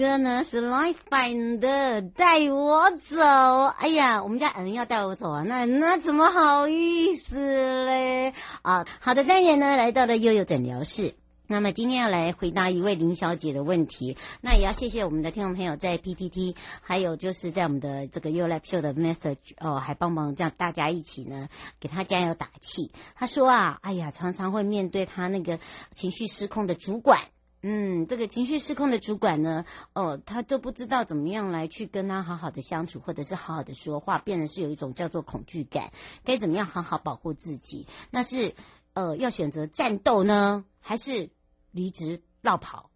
哥呢是 Life b i n d 的帶我走，哎呀，我們家恩要帶我走啊，那那怎麼好意思嘞？啊，好的，單元呢來到了悠悠診療室，那麼今天要來回答一位林小姐的問題，那也要謝謝我們的聽眾朋友在 P T T，還有就是在我們的這個 You Like Show 的 Message，哦，還幫忙這樣大家一起呢給他加油打氣。他說啊，哎呀，常常會面對他那個情緒失控的主管。嗯，這個情緒失控的主管呢，哦、呃，他都不知道怎麼樣來去跟他好好的相處，或者是好好的說話，變得是有一種叫做恐懼感，該怎麼樣好好保護自己？那是，呃，要選擇戰鬥呢，還是離職落跑？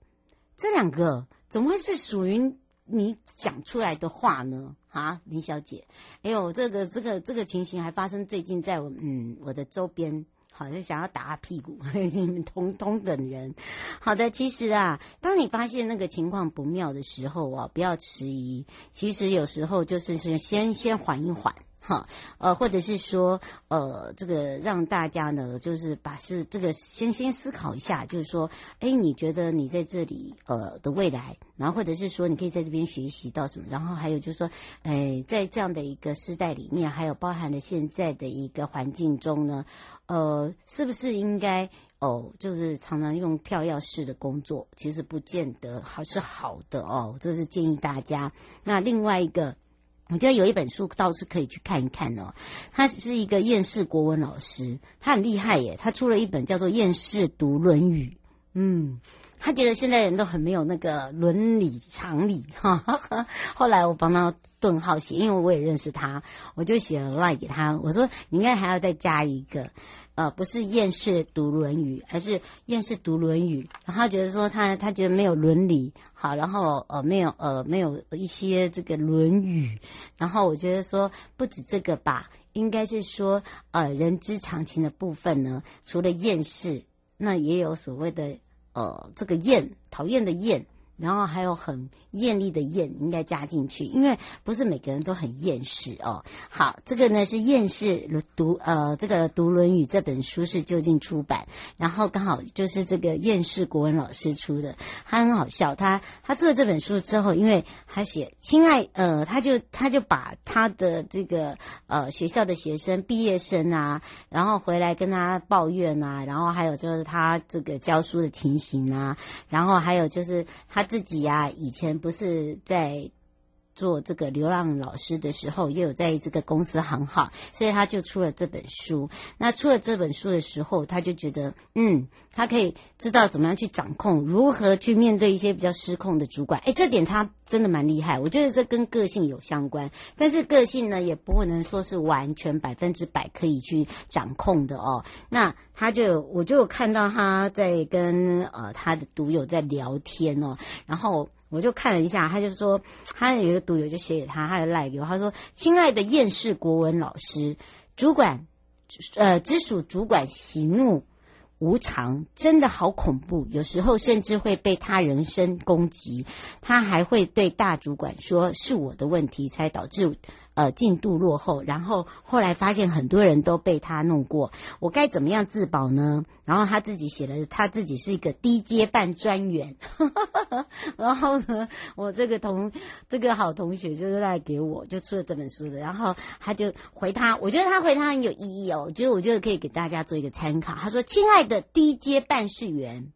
這兩個怎麼會是屬於你講出來的話呢？啊，林小姐，哎呦，這個這個這個情形還發生最近在我嗯我的周邊。好像想要打他屁股，你 們通通等人。好的，其實啊，當你發現那個情況不妙的時候啊，不要遲疑。其實有時候就是是先先緩一緩。哈，呃，或者是說，呃，這個讓大家呢，就是把是這個先先思考一下，就是說，哎，你覺得你在這裡呃的未來，然後或者是說，你可以在這邊學習到什麼？然後還有就是說，哎、呃，在這樣的一個時代裡面，還有包含了現在的一個環境中呢，呃，是不是應該哦，就是常常用跳躍式的工作，其實不見得還是好的哦，這是建議大家。那另外一個。我覺得有一本書倒是可以去看一看哦，他是一個厭世國文老師，他很厲害耶，他出了一本叫做《厭世讀論語》，嗯，他覺得現在人都很沒有那個倫理常理哈。後來我幫他頓號寫，因為我也認識他，我就寫了 LINE 給他，我說你應該還要再加一個。呃，不是厭世讀《論語》，還是厭世讀《論語》。然後覺得說他，他覺得沒有倫理，好，然後呃，沒有呃，沒有一些這個《論語》。然後我覺得說不止這個吧，應該是說呃，人之常情的部分呢，除了厭世，那也有所謂的呃，這個厭討厭的厭。然後還有很豔麗的豔，應該加進去，因為不是每個人都很厭世哦。好，這個呢是厭世讀呃這個讀《論語》這本書是究竟出版，然後剛好就是這個厭世國文老師出的，他很好笑。他他出了這本書之後，因為他寫，親愛呃，他就他就把他的這個呃學校的學生、畢業生啊，然後回來跟他抱怨啊，然後還有就是他這個教書的情形啊，然後還有就是他。自己呀，啊，以前不是在做這個流浪老師的時候，也有在這個公司行號，所以他就出了這本書。那出了這本書的時候，他就覺得，嗯，他可以知道怎麼樣去掌控，如何去面對一些比較失控的主管。誒、欸，這點他真的蠻厲害，我覺得這跟個性有相關，但是個性呢，也不能說是完全百分之百可以去掌控的哦。那他就，我就有看到他在跟呃他的讀友在聊天哦，然後。我就看了一下，他就說，他有一個賭友就寫給他，他的賴友，他說：“親愛的厭世國文老師，主管，呃，直屬主管喜怒無常，真的好恐怖，有時候甚至會被他人身攻擊，他還會對大主管說，是我的問題才導致。”呃，進度落後，然後後來發現很多人都被他弄過，我該怎麼樣自保呢？然後他自己寫了，他自己是一個低階辦專員，呵呵呵，然後呢，我這個同這個好同學就是來給我，就出了這本書的，然後他就回他，我覺得他回他很有意義哦，我覺得我覺得可以給大家做一個參考。他說：“親愛的低階辦事員。”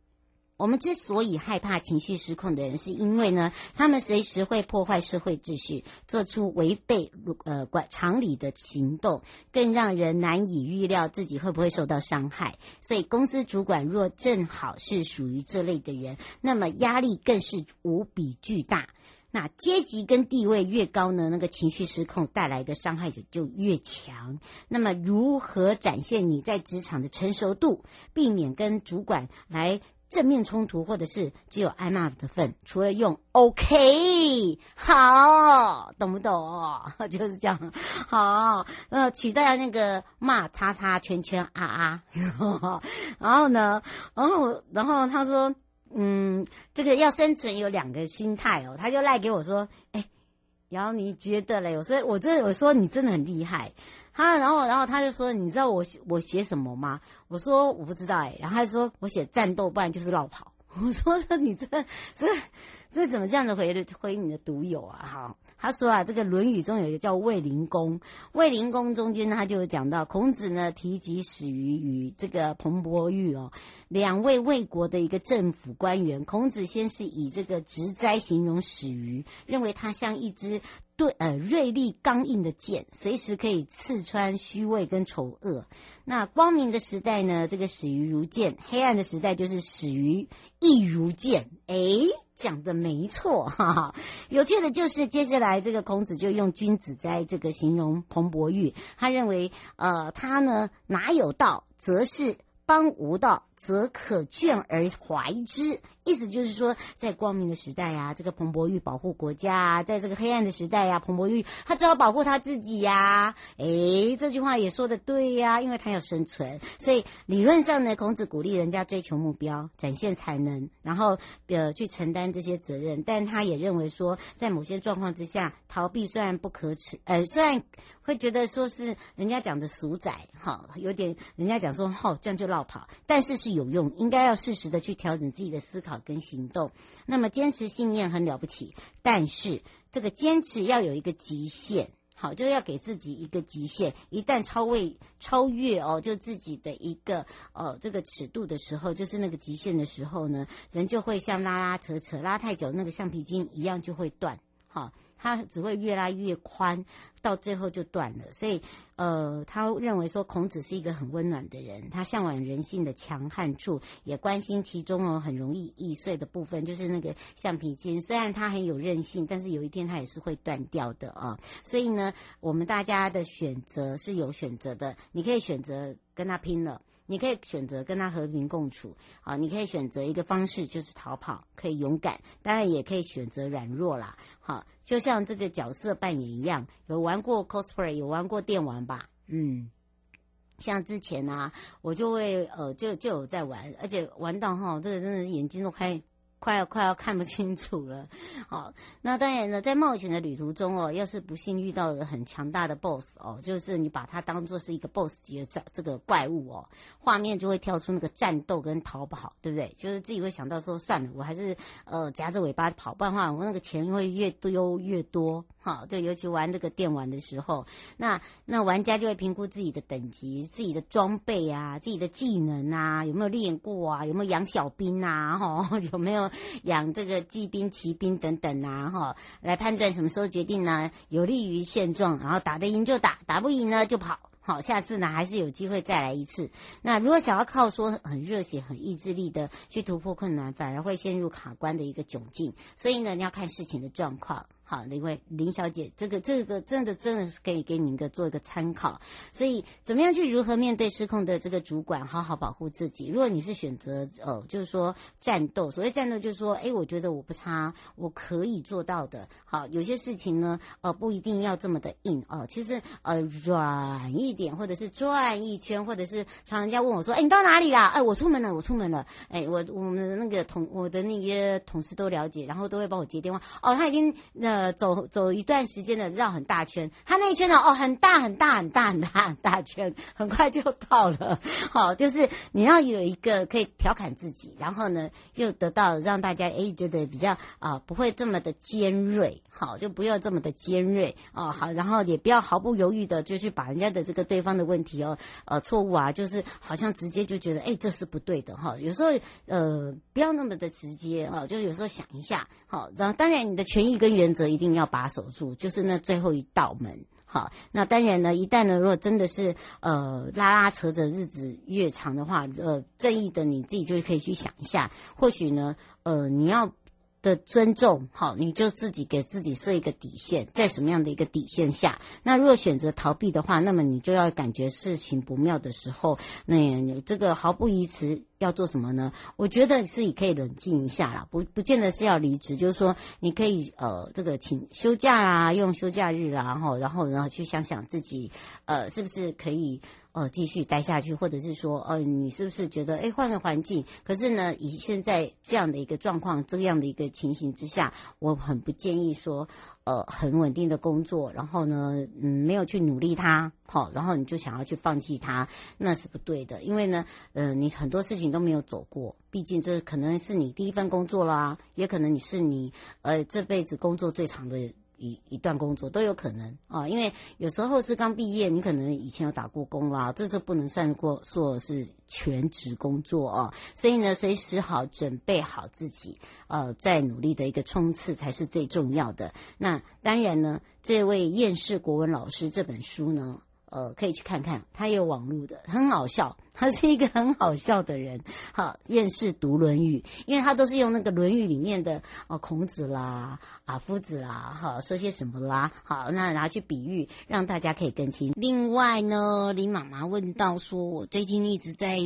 我們之所以害怕情緒失控的人，是因為呢，他們隨時會破壞社會秩序，做出違背呃、管常理的行動，更讓人難以預料自己會不會受到傷害。所以，公司主管若正好是屬於這類的人，那麼壓力更是無比巨大。那階級跟地位越高呢，那個情緒失控帶來的傷害也就越強。那麼，如何展現你在職場的成熟度，避免跟主管來？正面衝突，或者是只有挨罵的份，除了用 “OK” 好，懂不懂、哦？就是這樣，好，呃，取代那個罵叉叉圈圈啊啊，呵呵然後呢，然後、哦、然後然後他說：“嗯，這個要生存有兩個心態哦。”他就賴、like、給我說：“哎，然後你覺得嘞？我說：“我真，我說你真的很厲害。”他然後然後他就說，你知道我我寫什麼嗎？我說我不知道哎、欸。然後他就說我寫戰鬥，不然就是落跑。我說你這這這怎麼這樣子回回你的毒友啊？哈。他說啊，這個《論語》中有一個叫衛靈公，衛靈公中間他就有講到孔子呢，提及史魚與這個蘧伯玉哦，兩位衛國的一個政府官員。孔子先是以這個“直哉”形容史魚，認為他像一支對呃銳利剛硬的劍，隨時可以刺穿虛偽跟醜惡。那光明的時代呢，這個史魚如劍；黑暗的時代就是史魚亦如劍。誒講的沒錯哈，哈，有趣的就是接下來這個孔子就用君子哉這個形容彭伯玉，他認為呃他呢哪有道，則是邦無道。則可卷而懷之，意思就是說，在光明的時代啊，這個彭博玉保護國家、啊；在這個黑暗的時代呀、啊，彭博玉他只好保護他自己呀、啊。哎，這句話也說的對呀、啊，因為他要生存。所以理論上呢，孔子鼓勵人家追求目標，展現才能，然後呃去承擔這些責任。但他也認為說，在某些狀況之下，逃避雖然不可恥，呃，雖然會覺得說是人家講的俗仔，哈，有點人家講說哦這樣就落跑，但是。有用，應該要適時的去調整自己的思考跟行動。那麼堅持信念很了不起，但是這個堅持要有一個極限，好，就要給自己一個極限。一旦超越超越哦，就自己的一個哦，這個尺度的時候，就是那個極限的時候呢，人就會像拉拉扯扯拉太久，那個橡皮筋一樣就會斷。好，它只會越拉越寬，到最後就斷了。所以。呃，他認為說孔子是一個很溫暖的人，他嚮往人性的強悍處，也關心其中哦很容易易碎的部分，就是那個橡皮筋，雖然它很有韌性，但是有一天它也是會斷掉的啊、哦。所以呢，我們大家的選擇是有選擇的，你可以選擇跟他拼了。你可以選擇跟他和平共處，啊，你可以選擇一個方式就是逃跑，可以勇敢，當然也可以選擇軟弱啦。好，就像這個角色扮演一樣，有玩過 cosplay，有玩過電玩吧？嗯，像之前啊，我就會呃，就就有在玩，而且玩到哈，這個真的是眼睛都開。快要、啊、快要、啊、看不清楚了，好，那當然呢，在冒險的旅途中哦，要是不幸遇到了很強大的 BOSS 哦，就是你把它當作是一個 BOSS 級的這個怪物哦，畫面就會跳出那個戰鬥跟逃跑，對不對？就是自己會想到說，算了，我還是呃夾着尾巴跑，不然的話我那個錢會越丟越多，好，就尤其玩這個電玩的時候，那那玩家就會評估自己的等級、自己的裝備啊、自己的技能啊，有沒有練過啊？有沒有養小兵啊？哈，有沒有？養這個騎兵、騎兵等等啊，哈，來判斷什麼時候決定呢、啊？有利於現狀，然後打得贏就打，打不贏呢就跑，好，下次呢還是有機會再來一次。那如果想要靠說很熱血、很意志力的去突破困難，反而會陷入卡關的一個窘境。所以呢，你要看事情的狀況。好，那位林小姐，這個這個真的真的是可以給你一個做一個參考。所以怎麼樣去如何面對失控的這個主管，好好保護自己。如果你是選擇哦、呃，就是說戰鬥，所謂戰鬥就是說，哎，我覺得我不差，我可以做到的。好，有些事情呢，哦、呃，不一定要這麼的硬哦、呃，其實呃軟一點，或者是轉一圈，或者是常常人家問我說，哎，你到哪裡啦？哎，我出門了，我出門了。哎，我我們的那個同我的那些同事都了解，然後都會幫我接電話。哦，他已經那。呃呃，走走一段時間的繞很大圈，他那一圈呢，哦，很大很大很大很大很大，很大圈，很快就到了。好，就是你要有一個可以調侃自己，然後呢，又得到讓大家哎、欸、覺得比較啊、呃，不會這麼的尖銳，好，就不要這麼的尖銳啊、哦，好，然後也不要毫不猶豫的就去把人家的這個對方的問題哦，呃，錯誤啊，就是好像直接就覺得哎、欸，這是不對的哈、哦。有時候呃，不要那麼的直接啊、哦，就有時候想一下好，然後當然你的權益跟原則。一定要把守住，就是那最後一道門，好。那當然呢，一旦呢，如果真的是呃拉拉扯扯，日子越長的話，呃，正義的你自己就可以去想一下，或許呢，呃，你要。的尊重，好，你就自己給自己設一個底線，在什麼樣的一個底線下，那如果選擇逃避的話，那麼你就要感覺事情不妙的時候，那這個毫不遲疑要做什麼呢？我覺得自己可以冷靜一下啦，不不見得是要離職，就是說你可以呃這個請休假啦、啊，用休假日啊，然後然後然後去想想自己呃是不是可以。呃，繼續待下去，或者是說，呃，你是不是覺得，哎，換個環境？可是呢，以現在這樣的一個狀況，這樣的一個情形之下，我很不建議說，呃，很穩定的工作，然後呢，嗯，沒有去努力它，好、哦，然後你就想要去放棄它，那是不對的。因為呢，呃，你很多事情都沒有走過，畢竟這可能是你第一份工作啦，也可能你是你呃這輩子工作最長的一一段工作都有可能啊、哦，因為有時候是剛畢業，你可能以前有打過工啦、啊，這就不能算過說是全職工作哦。所以呢，隨時好準備好自己，呃，再努力的一個衝刺才是最重要的。那當然呢，這位厭世國文老師這本書呢，呃，可以去看看，他也有網路的，很好笑。他是一個很好笑的人，好，院士讀《論語》，因為他都是用那個《論語》裡面的哦，孔子啦，啊，夫子啦，好，說些什麼啦，好，那拿去比喻，讓大家可以更清。另外呢，林媽媽問到說，我最近一直在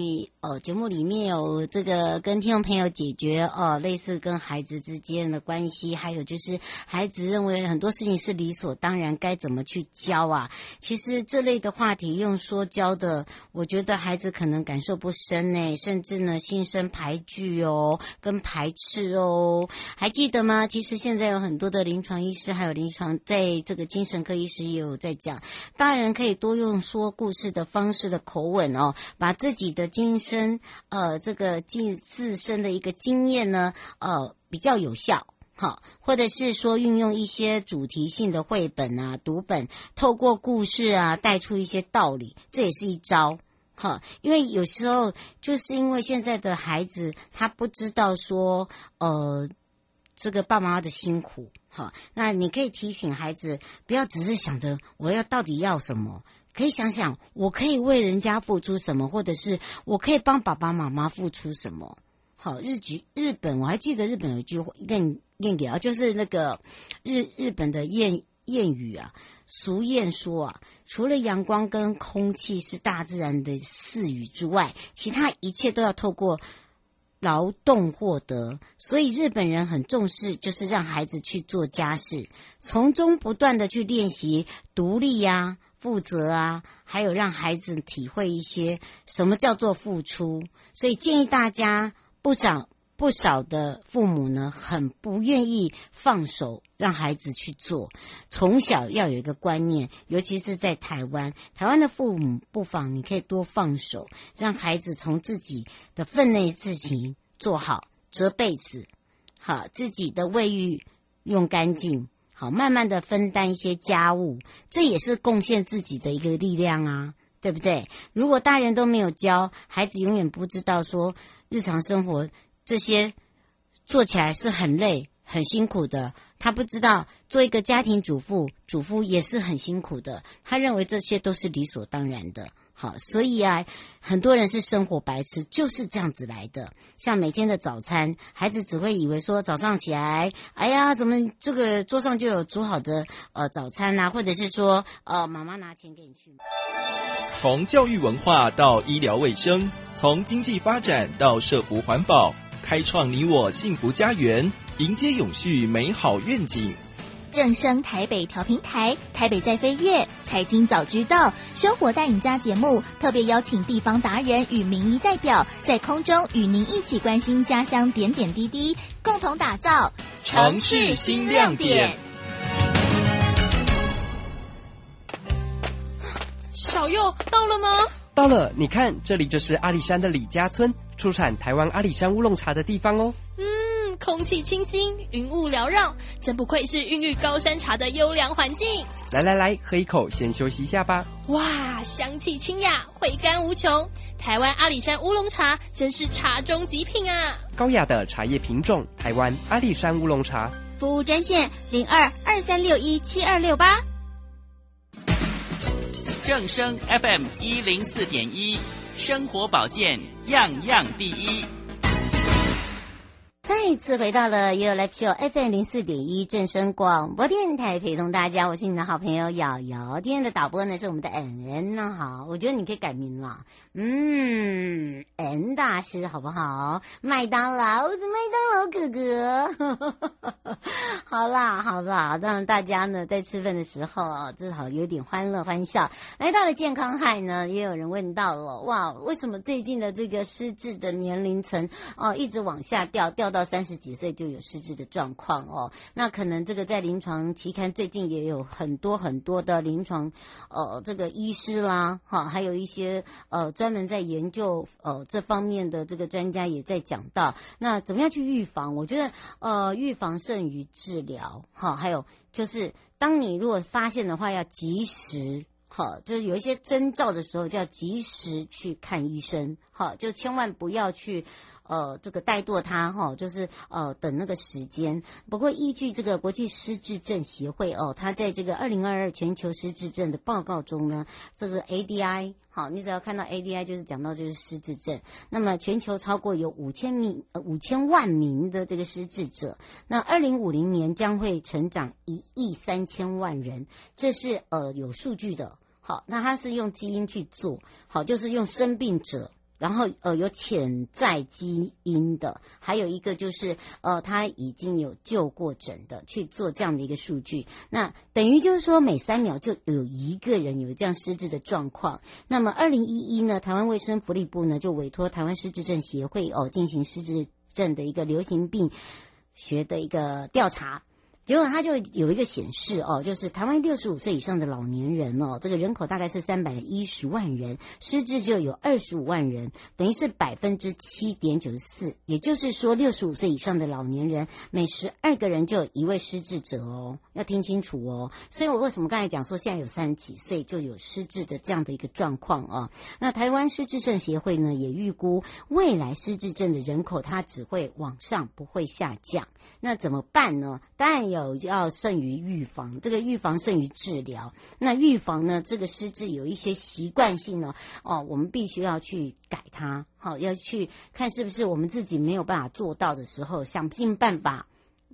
呃、哦、節目裡面有這個跟聽眾朋友解決哦，類似跟孩子之間的關係，還有就是孩子認為很多事情是理所當然，該怎麼去教啊？其實這類的話題用說教的，我覺得孩子。可能感受不深呢、欸，甚至呢，心生排拒哦，跟排斥哦，還記得嗎？其實現在有很多的臨床醫師，還有臨床在這個精神科醫師也有在講，大人可以多用說故事的方式的口吻哦，把自己的今生呃這個經自身的一個經驗呢，呃比較有效哈，或者是說運用一些主題性的繪本啊、讀本，透過故事啊帶出一些道理，這也是一招。哈，因為有時候就是因為現在的孩子他不知道說，呃，這個爸爸媽媽的辛苦。哈，那你可以提醒孩子，不要只是想着我要到底要什麼，可以想想我可以為人家付出什麼，或者是我可以幫爸爸媽媽付出什麼。好，日劇日本，我還記得日本有一句念念語啊，就是那個日日本的諺諺語啊，俗諺說啊。除了陽光跟空氣是大自然的賜予之外，其他一切都要透過勞動獲得。所以日本人很重視，就是讓孩子去做家事，從中不斷的去練習獨立呀、啊、負責啊，還有讓孩子體會一些什麼叫做付出。所以建議大家不少不少的父母呢，很不願意放手。讓孩子去做，從小要有一個觀念，尤其是在台灣，台灣的父母不妨你可以多放手，讓孩子從自己的份內事情做好，折被子，好自己的衛浴用乾淨，好慢慢的分擔一些家務，這也是貢獻自己的一個力量啊，對不對？如果大人都沒有教，孩子永遠不知道說日常生活這些做起來是很累、很辛苦的。他不知道做一個家庭主婦，主婦也是很辛苦的。他認為這些都是理所當然的。好，所以啊，很多人是生活白痴，就是這樣子來的。像每天的早餐，孩子只會以為說早上起來，哎呀，怎麼這個桌上就有煮好的呃早餐啊？或者是說，呃，媽媽拿錢給你去。從教育文化到醫療衛生，從經濟發展到社福環保，開創你我幸福家園。迎接永續美好願景，正聲台北調頻台，台北在飛躍，財經早知道，生活大贏家節目特別邀請地方達人與民意代表，在空中與您一起關心家鄉點點滴滴，共同打造城市新亮點。小佑到了嗎？到了，你看，這裡就是阿里山的李家村，出產台灣阿里山烏龍茶的地方哦。嗯。空氣清新，雲霧繚繞，真不愧是孕育高山茶的優良環境。來來來，喝一口，先休息一下吧。哇，香氣清雅，回甘無窮。台灣阿里山烏龍茶真是茶中極品啊！高雅的茶葉品種，台灣阿里山烏龍茶。服務專線零二二三六一七二六八。正聲 FM 一零四點一，生活保健樣樣第一。再次回到了 YOYO LIFE FM 零四點一正聲廣播電臺，陪同大家，我是你的好朋友瑤瑤。今天的導播呢是我們的 N N，好，我覺得你可以改名了，嗯，N 大師好不好？麥當勞我是麥當勞哥哥， 好啦，好啦，讓大家呢在吃飯的時候至少有點歡樂歡笑。來到了健康海呢，也有人問到了，哇，為什麼最近的這個失智的年齡層哦一直往下掉，掉到。三十幾歲就有失智的狀況哦，那可能這個在臨床期刊最近也有很多很多的臨床，呃，這個醫師啦，哈，還有一些呃專門在研究呃這方面的這個專家也在講到，那怎麼樣去預防？我覺得呃預防勝於治療，哈，還有就是當你如果發現的話，要及時，哈，就是有一些徵兆的時候，就要及時去看醫生，好，就千萬不要去。呃，這個怠惰，他哈、哦，就是呃等那個時間。不過依據這個國際失智症協會哦，他在這個二零二二全球失智症的報告中呢，這個 ADI 好，你只要看到 ADI 就是講到就是失智症。那麼全球超過有五千名呃五千萬名的這個失智者，那二零五零年將會成長一億三千萬人，這是呃有數據的。好，那它是用基因去做好，就是用生病者。然後呃有潛在基因的，還有一個就是呃他已經有就過診的去做這樣的一個數據，那等於就是說，每三秒就有一個人有這樣失智的狀況。那麼二零一一呢，台灣衛生福利部呢就委託台灣失智症協會哦、呃、進行失智症的一個流行病學的一個調查。結果它就有一個顯示哦，就是台灣六十五歲以上的老年人哦，這個人口大概是三百一十萬人，失智就有二十五萬人，等於是百分之七點九四。也就是說，六十五歲以上的老年人每十二個人就有一位失智者哦，要聽清楚哦。所以我為什麼剛才講說現在有三十幾歲就有失智的這樣的一個狀況哦、啊。那台灣失智症協會呢也預估，未來失智症的人口它只會往上，不會下降。那怎麼辦呢？當然有，要勝於預防。這個預防勝於治療。那預防呢？這個失智有一些習慣性呢，哦，我們必須要去改它。好、哦，要去看是不是我們自己沒有辦法做到的時候，想盡辦法。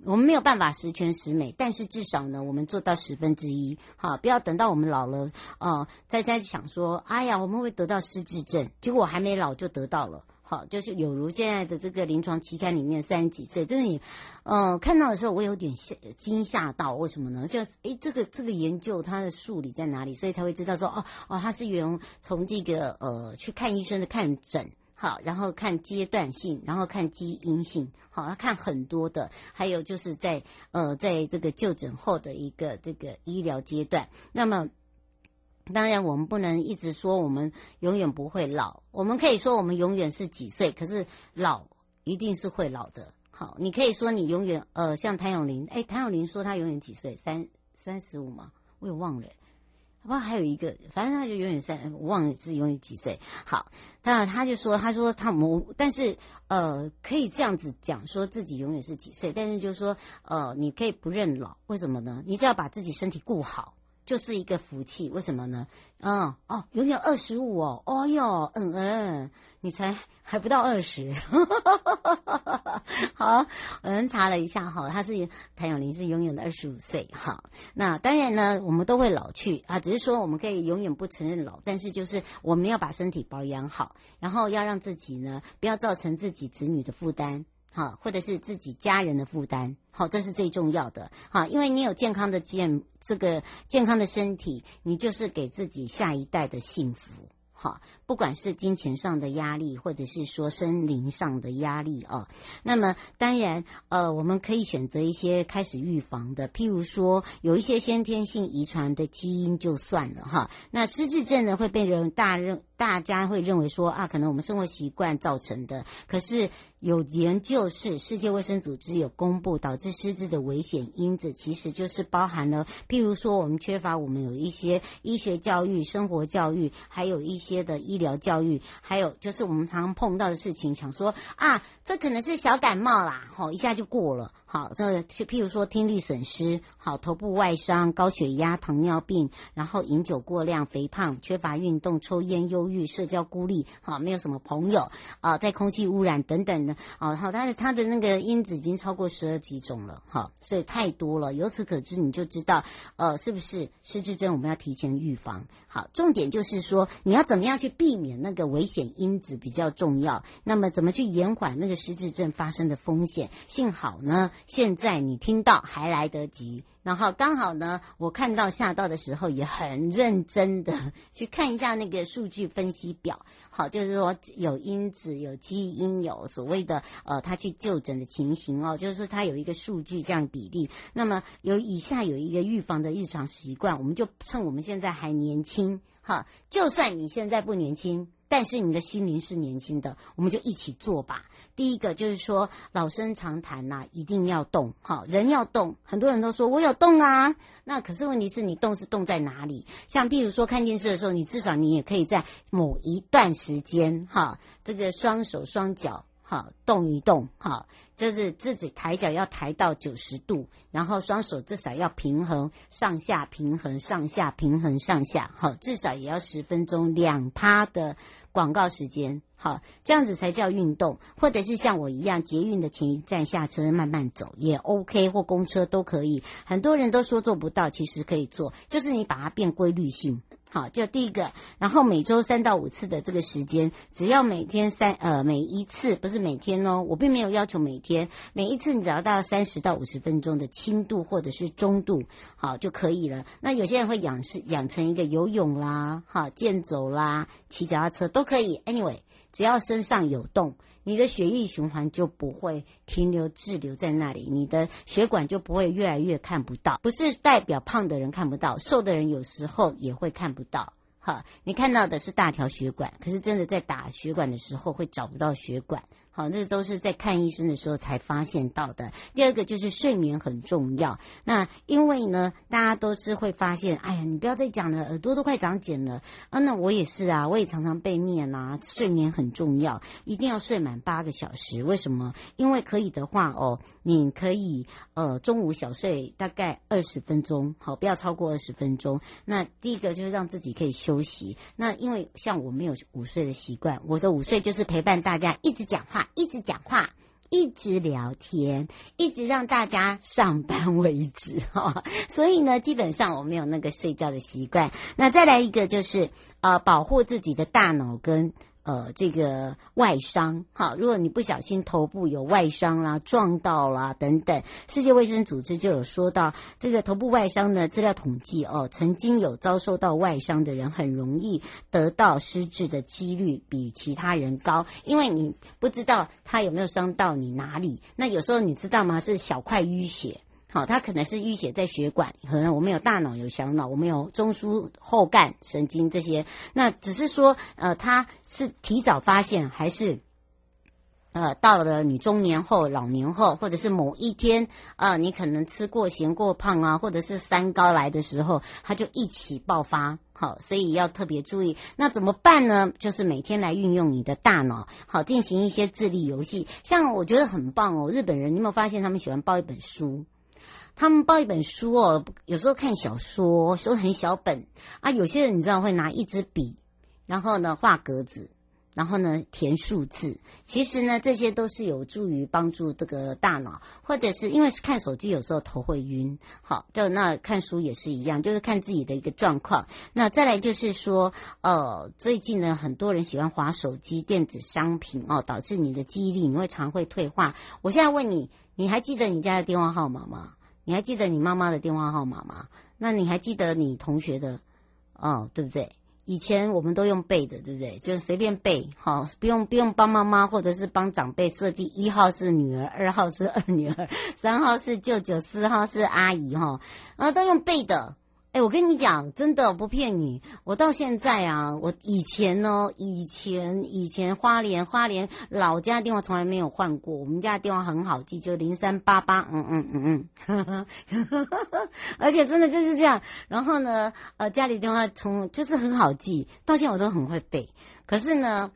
我們沒有辦法十全十美，但是至少呢，我們做到十分之一。好、哦，不要等到我們老了哦，再再想說，哎呀，我們會得到失智症，結果還沒老就得到了。好，就是有如現在的這個臨床期刊裡面三十幾歲，就是你，呃，看到的時候我有點嚇，驚嚇到，為什麼呢？就是誒，這個這個研究它的數理在哪裡？所以才會知道說，哦哦，它是從從這個呃去看醫生的看診，好，然後看階段性，然後看基因性，好，它看很多的，還有就是在呃在這個就診後的一個這個醫療階段，那麼。當然，我們不能一直說我們永遠不會老。我們可以說我們永遠是幾歲，可是老一定是會老的。好，你可以說你永遠呃，像譚詠麟，哎，譚詠麟說他永遠幾歲？三三十五嗎？我也忘了。好吧，還有一個，反正他就永遠三，我忘了是永遠幾歲。好，那他就說，他說他某，但是呃，可以這樣子講，說自己永遠是幾歲，但是就是說呃，你可以不認老，為什麼呢？你只要把自己身體顧好。就是一個福氣，為什麼呢？啊哦，哦，永遠二十五哦，哦喲，嗯嗯，你才還不到二十， 好，我們查了一下哈，哦，他是譚詠麟是永遠的二十五歲哈。那當然呢，我們都會老去啊，只是說我們可以永遠不承認老，但是就是我們要把身體保養好，然後要讓自己呢不要造成自己子女的負擔。好，或者是自己家人的負擔，好，這是最重要的。好，因為你有健康的健，這個健康的身體，你就是給自己下一代的幸福。好。不管是金錢上的壓力，或者是說生靈上的壓力啊，那麼當然，呃，我們可以選擇一些開始預防的，譬如說有一些先天性遺傳的基因就算了哈。那失智症呢會被人大認，大家會認為說啊，可能我們生活習慣造成的。可是有研究是，世界衛生組織有公布導致失智的危險因子，其實就是包含了譬如說我們缺乏我們有一些醫學教育、生活教育，還有一些的醫。聊教育，還有就是我們常常碰到的事情，想說啊，這可能是小感冒啦，吼、哦，一下就過了。好，這譬如說聽力損失，好，頭部外傷、高血壓、糖尿病，然後飲酒過量、肥胖、缺乏運動、抽煙、憂鬱、社交孤立，好，沒有什麼朋友啊，在空氣污染等等的啊，好，但是它的那個因子已經超過十二幾種了，好，所以太多了。由此可知，你就知道，呃，是不是失智症？我們要提前預防。好，重點就是說，你要怎麼樣去避免那個危險因子比較重要。那麼，怎麼去延緩那個失智症發生的風險？幸好呢。現在你聽到還來得及，然後剛好呢，我看到嚇到的時候也很認真的去看一下那個數據分析表，好，就是說有因子、有基因、有所謂的呃，他去就診的情形哦，就是說他有一個數據這樣比例，那麼有以下有一個預防的日常習慣，我們就趁我們現在還年輕，哈，就算你現在不年輕。但是你的心靈是年輕的，我們就一起做吧。第一個就是說，老生常談吶，啊，一定要動，人要動。很多人都說我有動啊，那可是問題是你動是動在哪裡？像比如說看電視的時候，你至少你也可以在某一段時間，哈，這個雙手雙腳，哈，動一動，哈。就是自己抬腳要抬到九十度，然後雙手至少要平衡上下平衡上下平衡上下，好，至少也要十分鐘兩趴的廣告時間，好，這樣子才叫運動，或者是像我一樣捷運的前一站下車慢慢走也 OK，或公車都可以，很多人都說做不到，其實可以做，就是你把它變規律性。好，就第一個，然後每週三到五次的這個時間，只要每天三呃每一次不是每天哦，我並沒有要求每天，每一次你只要到三十到五十分鐘的輕度或者是中度，好就可以了。那有些人會養是養成一個游泳啦，哈健走啦，騎腳踏車都可以，anyway。只要身上有動，你的血液循環就不會停留滯留在那裡，你的血管就不會越來越看不到，不是代表胖的人看不到，瘦的人有時候也會看不到。哈，你看到的是大條血管，可是真的在打血管的時候會找不到血管。好，這都是在看醫生的時候才發現到的。第二個就是睡眠很重要。那因為呢，大家都是會發現，哎呀，你不要再講了，耳朵都快長繭了啊！那我也是啊，我也常常被滅啦、啊，睡眠很重要，一定要睡滿八個小時。為什麼？因為可以的話哦，你可以呃中午小睡大概二十分鐘，好，不要超過二十分鐘。那第一個就是讓自己可以休息。那因為像我沒有午睡的習慣，我的午睡就是陪伴大家一直講話。一直講話，一直聊天，一直讓大家上班為止哈。所以呢，基本上我沒有那個睡覺的習慣。那再來一個就是，呃，保護自己的大腦跟。呃，這個外傷，哈，如果你不小心頭部有外傷啦、撞到啦等等，世界衛生組織就有說到，這個頭部外傷的資料統計哦，曾經有遭受到外傷的人，很容易得到失智的幾率比其他人高，因為你不知道他有沒有傷到你哪裡，那有時候你知道嗎？是小塊淤血。好，它可能是淤血在血管，可能我們有大腦、有小腦，我們有中樞後幹神經這些。那只是說，呃，它是提早發現，還是呃，到了你中年後、老年後，或者是某一天，呃，你可能吃過鹹過胖啊，或者是三高來的時候，它就一起爆發。好，所以要特別注意。那怎麼辦呢？就是每天來運用你的大腦，好，進行一些智力遊戲。像我覺得很棒哦，日本人，你有沒有發現他們喜歡抱一本書？他們抱一本書哦，有時候看小說，收很小本啊。有些人你知道會拿一支筆，然後呢畫格子，然後呢填數字。其實呢，這些都是有助於幫助這個大腦，或者是因為是看手機，有時候頭會暈。好，就那看書也是一樣，就是看自己的一個狀況。那再來就是說，呃，最近呢，很多人喜歡滑手機、電子商品哦，導致你的記憶力你會常會退化。我現在問你，你還記得你家的電話號碼嗎？你還記得你媽媽的電話號碼嗎？那你還記得你同學的，哦，對不對？以前我們都用背的，對不對？就隨便背，好、哦，不用不用幫媽媽或者是幫長輩設計。一號是女兒，二號是二女兒，三號是舅舅，四號是阿姨，哈、哦、啊，都用背的。欸、我跟你講，真的不騙你，我到現在啊，我以前呢，哦，以前以前花蓮花蓮老家的電話從來沒有換過，我們家的電話很好記，就零三八八，嗯嗯嗯嗯，而且真的就是這樣。然後呢，呃，家裡電話從就是很好記，到現在我都很會背。可是呢，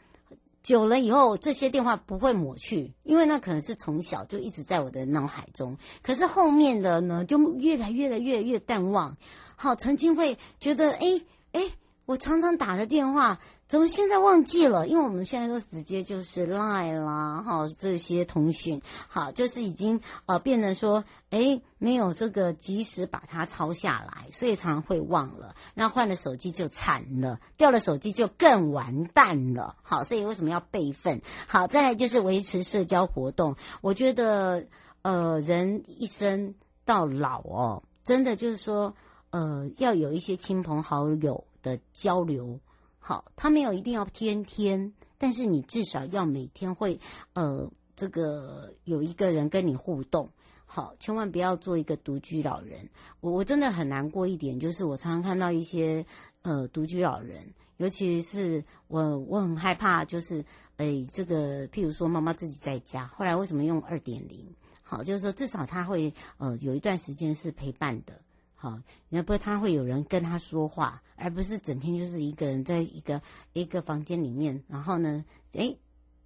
久了以後這些電話不會抹去，因為那可能是從小就一直在我的腦海中。可是後面的呢，就越來越來越來越淡忘。好，曾經會覺得，哎、欸、哎、欸，我常常打的電話，怎麼現在忘記了？因為我們現在都直接就是 LINE 啦，好這些通訊，好就是已經呃，變成說，哎、欸，沒有這個及時把它抄下來，所以常常會忘了。那換了手機就慘了，掉了手機就更完蛋了。好，所以為什麼要備份？好，再來就是維持社交活動。我覺得，呃，人一生到老哦，真的就是說。呃，要有一些親朋好友的交流，好，他沒有一定要天天，但是你至少要每天會，呃，這個有一個人跟你互動，好，千萬不要做一個獨居老人。我我真的很難過一點，就是我常常看到一些呃獨居老人，尤其是我我很害怕，就是哎，這個譬如說媽媽自己在家，後來為什麼用二點零？好，就是說至少他會呃有一段時間是陪伴的。好，要、哦、不，他會有人跟他說話，而不是整天就是一個人在一個一個房間裡面，然後呢，哎，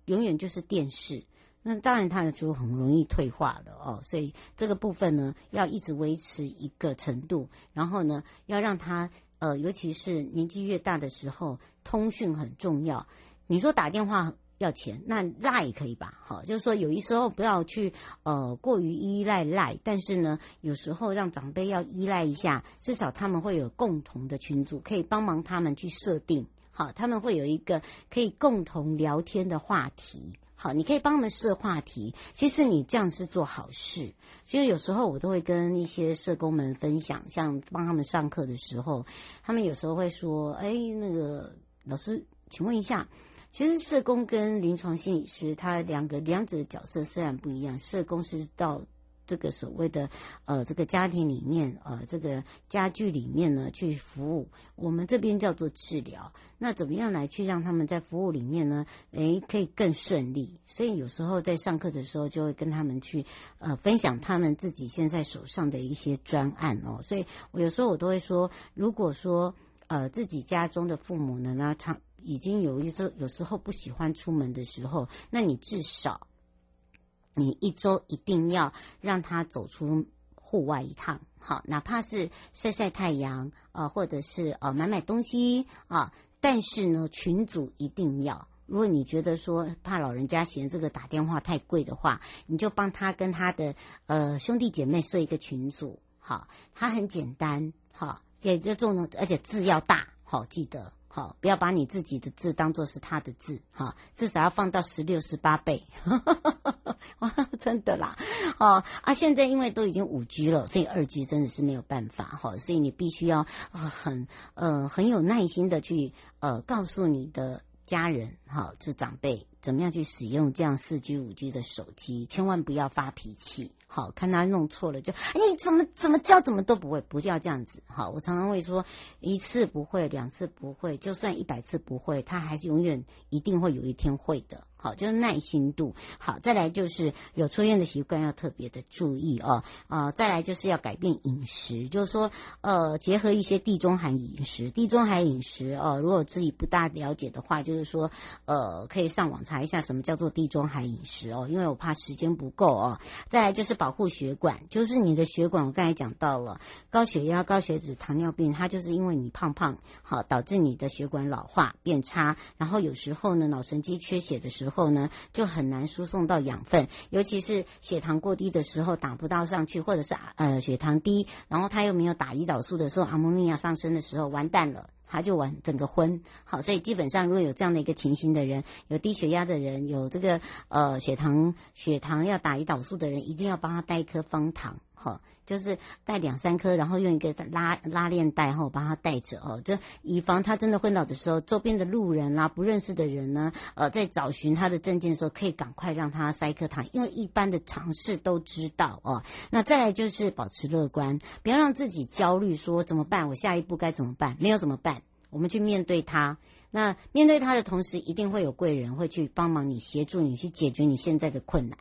永遠就是電視，那當然他的就很容易退化了哦。所以這個部分呢，要一直維持一個程度，然後呢，要讓他呃，尤其是年紀越大的時候，通訊很重要。你說打電話。要錢，那賴也可以吧？好，就是說，有一時候不要去呃過於依賴賴，但是呢，有時候讓長輩要依賴一下，至少他們會有共同的群組，可以幫忙他們去設定。好，他們會有一個可以共同聊天的話題。好，你可以幫他們設話題，其實你這樣是做好事。其實有時候我都會跟一些社工們分享，像幫他們上課的時候，他們有時候會說：“哎、欸，那個老師，請問一下。”其實社工跟臨床心理師，他兩個兩者的角色雖然不一樣，社工是到這個所謂的呃這個家庭裡面，呃這個家具裡面呢去服務。我們這邊叫做治療。那怎麼樣來去讓他們在服務裡面呢？哎，可以更順利。所以有時候在上課的時候，就會跟他們去呃分享他們自己現在手上的一些專案哦。所以我有時候我都會說，如果說呃自己家中的父母呢，那長。已經有一周，有時候不喜歡出門的時候，那你至少，你一周一定要讓他走出戶外一趟，好，哪怕是曬曬太陽啊、呃，或者是呃買買東西啊。但是呢，群組一定要。如果你覺得說怕老人家嫌這個打電話太貴的話，你就幫他跟他的呃兄弟姐妹設一個群組，好，他很簡單，好，也就這種，而且字要大，好，記得。好，不要把你自己的字當做是他的字，哈，至少要放到十六十八倍，呵呵呵，哇，真的啦，哦，啊，現在因為都已經五 G 了，所以二 G 真的是沒有辦法，哈，所以你必須要、呃、很，呃，很有耐心的去，呃，告訴你的家人，哈，就長輩怎麼樣去使用這樣四 G、五 G 的手機，千萬不要發脾氣。好，看他弄錯了就，就你怎麼怎麼教，怎麼都不會，不要這樣子。好，我常常會說，一次不會，兩次不會，就算一百次不會，他還是永遠一定會有一天會的。好，就是耐心度。好，再來就是有抽煙的習慣要特別的注意哦。呃，再來就是要改變飲食，就是說，呃，結合一些地中海飲食。地中海飲食哦，呃，如果自己不大了解的話，就是說，呃，可以上網查一下什麼叫做地中海飲食哦，因為我怕時間不夠哦。再來就是保護血管，就是你的血管，我剛才講到了高血壓、高血脂、糖尿病，它就是因為你胖胖，好，導致你的血管老化變差，然後有時候呢，腦神經缺血的時候。之後呢，就很難輸送到養分，尤其是血糖過低的時候打不到上去，或者是呃血糖低，然後他又沒有打胰島素的時候，阿摩尼亞上升的時候，完蛋了，他就完整個昏。好，所以基本上如果有這樣的一個情形的人，有低血壓的人，有這個呃血糖血糖要打胰島素的人，一定要幫他帶一顆方糖，哈。就是帶兩三顆，然後用一個拉拉鏈袋，然後把它帶着哦，就以防他真的昏倒的時候，周邊的路人啦、啊、不認識的人呢，呃，在找尋他的證件的時候，可以趕快讓他塞顆糖，因為一般的常識都知道哦。那再來就是保持樂觀，不要讓自己焦慮說，說怎麼辦？我下一步該怎麼辦？沒有怎麼辦？我們去面對他。那面對他的同時，一定會有貴人會去幫忙你，協助你去解決你現在的困難。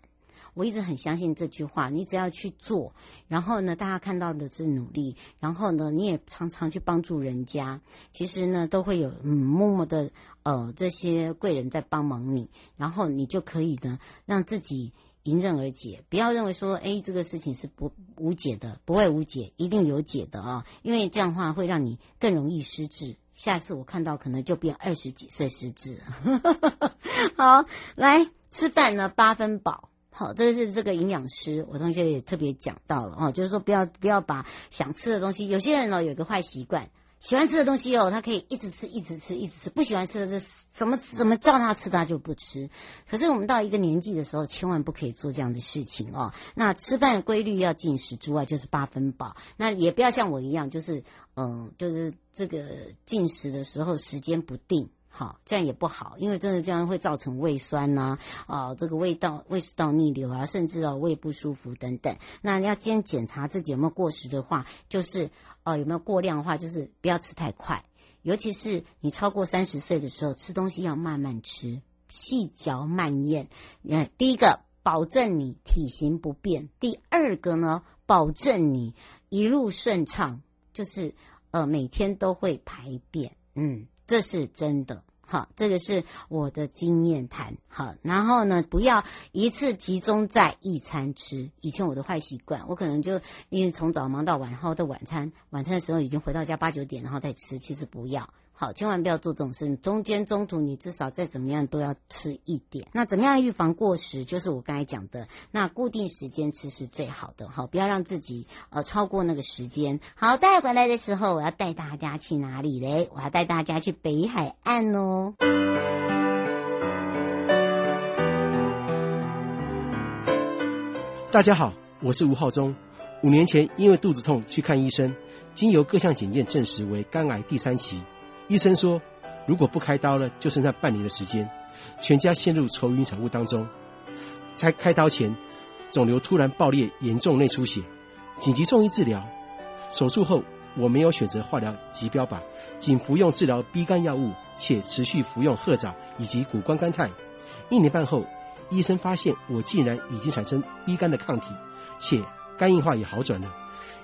我一直很相信這句話，你只要去做，然後呢，大家看到的是努力，然後呢，你也常常去幫助人家，其實呢，都會有嗯默默的呃這些貴人在幫忙你，然後你就可以呢讓自己迎刃而解。不要認為說，誒，這個事情是不無解的，不會無解，一定有解的啊！因為這樣的話會讓你更容易失智。下次我看到可能就變二十幾歲失智了。 好，來吃飯呢，八分飽。好，這個是這個營養師，我同學也特別講到了哦，就是說不要不要把想吃的東西，有些人哦有個壞習慣，喜歡吃的東西哦，他可以一直吃一直吃一直吃，不喜歡吃的是怎麼怎麼叫他吃他就不吃。可是我們到一個年紀的時候，千萬不可以做這樣的事情哦。那吃飯規律要進食之外，就是八分飽，那也不要像我一樣，就是嗯、呃，就是這個進食的時候時間不定。好，這樣也不好，因為真的這樣會造成胃酸吶、啊，啊、呃，這個胃道、胃食道逆流啊，甚至啊、哦、胃不舒服等等。那你要先檢查自己有沒有過食的話，就是呃有沒有過量的話，就是不要吃太快，尤其是你超過三十歲的時候，吃東西要慢慢吃，細嚼慢嚥。嗯、呃，第一個保證你體型不變，第二個呢保證你一路順暢，就是呃每天都會排便，嗯。這是真的，好，這個是我的經驗談。好，然後呢，不要一次集中在一餐吃。以前我的壞習慣，我可能就因為從早忙到晚，然後到晚餐，晚餐的時候已經回到家八九點，然後再吃，其實不要。好，千萬不要做這種事。中間中途你至少再怎麼樣都要吃一點。那怎麼樣預防過食？就是我剛才講的，那固定時間吃是最好的。好，不要讓自己呃超過那個時間。好，待會回來的時候，我要帶大家去哪裡嘞？我要帶大家去北海岸哦。大家好，我是吳浩中。五年前因為肚子痛去看醫生，經由各項檢驗證實為肝癌第三期。醫生說，如果不開刀了，就剩下半年的時間，全家陷入愁雲慘霧當中。在開刀前，腫瘤突然爆裂，嚴重內出血，緊急送醫治療。手術後，我沒有選擇化療及標靶，僅服用治療 B 肝藥物，且持續服用褐藻以及谷胱甘肽。一年半後，醫生發現我竟然已經產生 B 肝的抗體，且肝硬化也好轉了。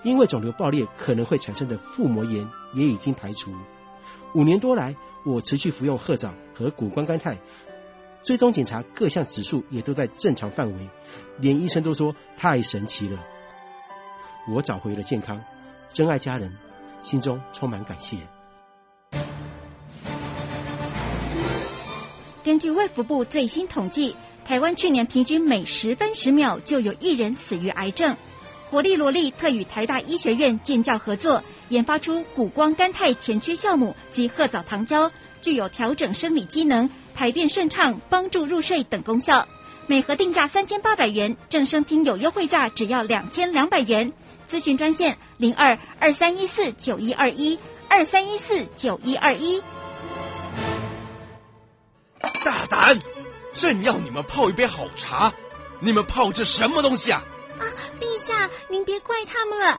因為腫瘤爆裂可能會產生的腹膜炎也已經排除。五年多來，我持續服用鶴藻和谷胱甘肽，追蹤檢查各項指數也都在正常範圍，連醫生都說太神奇了。我找回了健康，珍愛家人，心中充滿感謝。根據衛福部最新統計，台灣去年平均每十分十秒就有一人死於癌症。活力蘿莉特與台大醫學院建教合作。研發出谷胱甘肽前驅酵母及褐藻糖膠，具有調整生理機能、排便順暢、幫助入睡等功效。每盒定價三千八百元，正聲聽有優惠價，只要兩千兩百元。諮詢專線零二二三一四九一二一，二三一四九一二一。21, 大膽，朕要你們泡一杯好茶，你們泡這什麼東西啊？啊，陛下，您別怪他們了。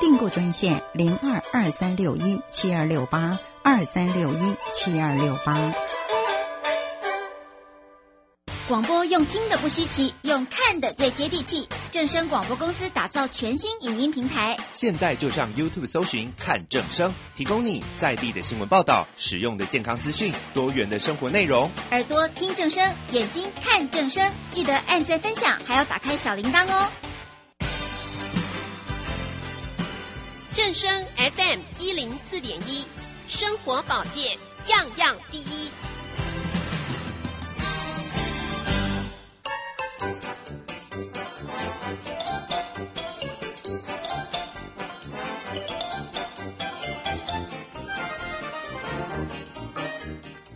訂購專線零二二三六一七二六八二三六一七二六八。廣播用聽的不稀奇，用看的最接地氣。正聲廣播公司打造全新影音平台，現在就上 YouTube 搜尋看正聲，提供你在地的新聞報道、使用的健康資訊、多元的生活內容。耳朵聽正聲，眼睛看正聲，記得按贊分享，還要打開小鈴鐺哦。正聲 FM 一零四點一，生活保健樣樣第一。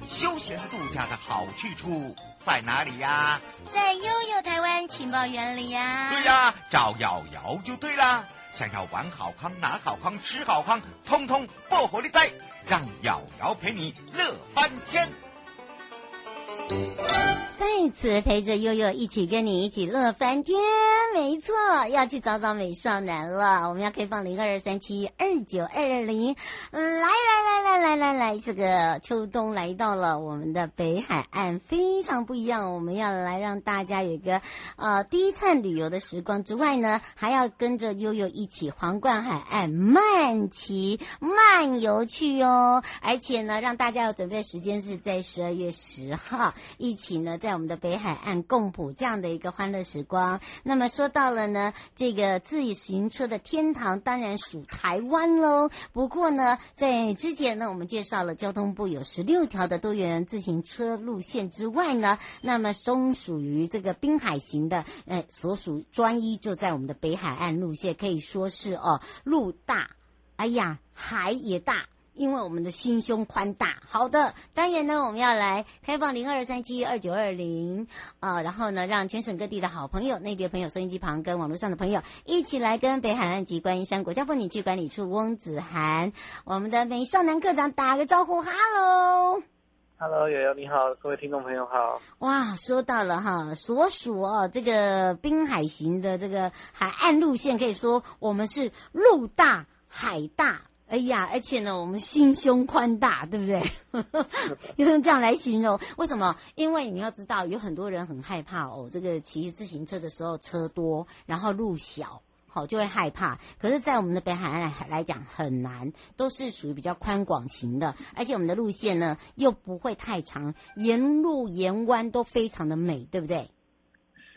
休閒度假的好去處在哪裡呀？在悠遊台灣情報園裡呀。對呀，找瑤瑤就對了。想要玩好康、拿好康、吃好康，通通報乎你知，讓 YOYO 陪你樂翻天。再次陪着悠悠一起跟你一起樂翻天，沒錯，要去找找美少男了。我們要開放零二三七二九二零，來來來來來來來，這個秋冬來到了我們的北海岸，非常不一樣。我們要來讓大家有一個呃低碳旅遊的時光之外呢，還要跟着悠悠一起皇冠海岸漫騎漫遊去哦。而且呢，讓大家要準備的時間是在十二月十號。一起呢，在我們的北海岸共譜這樣的一個歡樂時光。那麼說到了呢，這個自行車的天堂當然屬台灣嘍。不過呢，在之前呢，我們介紹了交通部有十六條的多元自行車路線之外呢，那麼中屬於這個濱海型的，呃，所屬專一就在我們的北海岸路線，可以說是哦，路大，哎呀，海也大。因為我們的心胸寬大，好的，當然呢，我們要來開放零二三七二九二零啊，然後呢，讓全省各地的好朋友、內地的朋友、收音機旁跟網絡上的朋友一起來跟北海岸及觀音山國家風景區管理處翁子涵，我們的美少男課長打個招呼哈嘍。哈嘍，YOYO 你好，各位聽眾朋友好，哇，說到了哈，所屬哦這個濱海型的這個海岸路線，可以說我們是陸大海大。哎呀，而且呢，我們心胸寬大，對不對？要 用這樣來形容，為什麼？因為你要知道，有很多人很害怕哦，這個騎自行車的時候車多，然後路小，好就會害怕。可是，在我們的北海岸來來講，很難，都是屬於比較寬廣型的，而且我們的路線呢又不會太長，沿路沿灣都非常的美，對不對？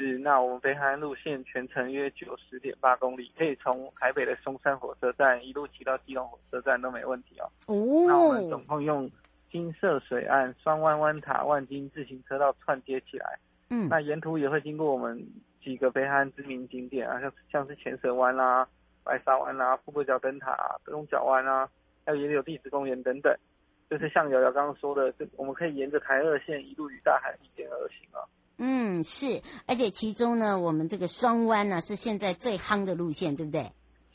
是，那我們北海岸路線全程約九十點八公里，可以從台北的松山火車站一路騎到基隆火車站都沒問題哦。哦，那我們總共用金色水岸、雙灣灣塔、萬金自行車道串接起來。嗯，那沿途也會經過我們幾個北海岸知名景點啊，像像是淺水灣啦、啊、白沙灣啦、啊、富貴角燈塔、啊、東角灣啊，還有也有地質公園等等。就是像瑤瑤剛剛說的，這我們可以沿着台二線一路與大海並肩而行啊。嗯，是，而且其中呢，我們這個雙灣呢是現在最夯的路線，對不對？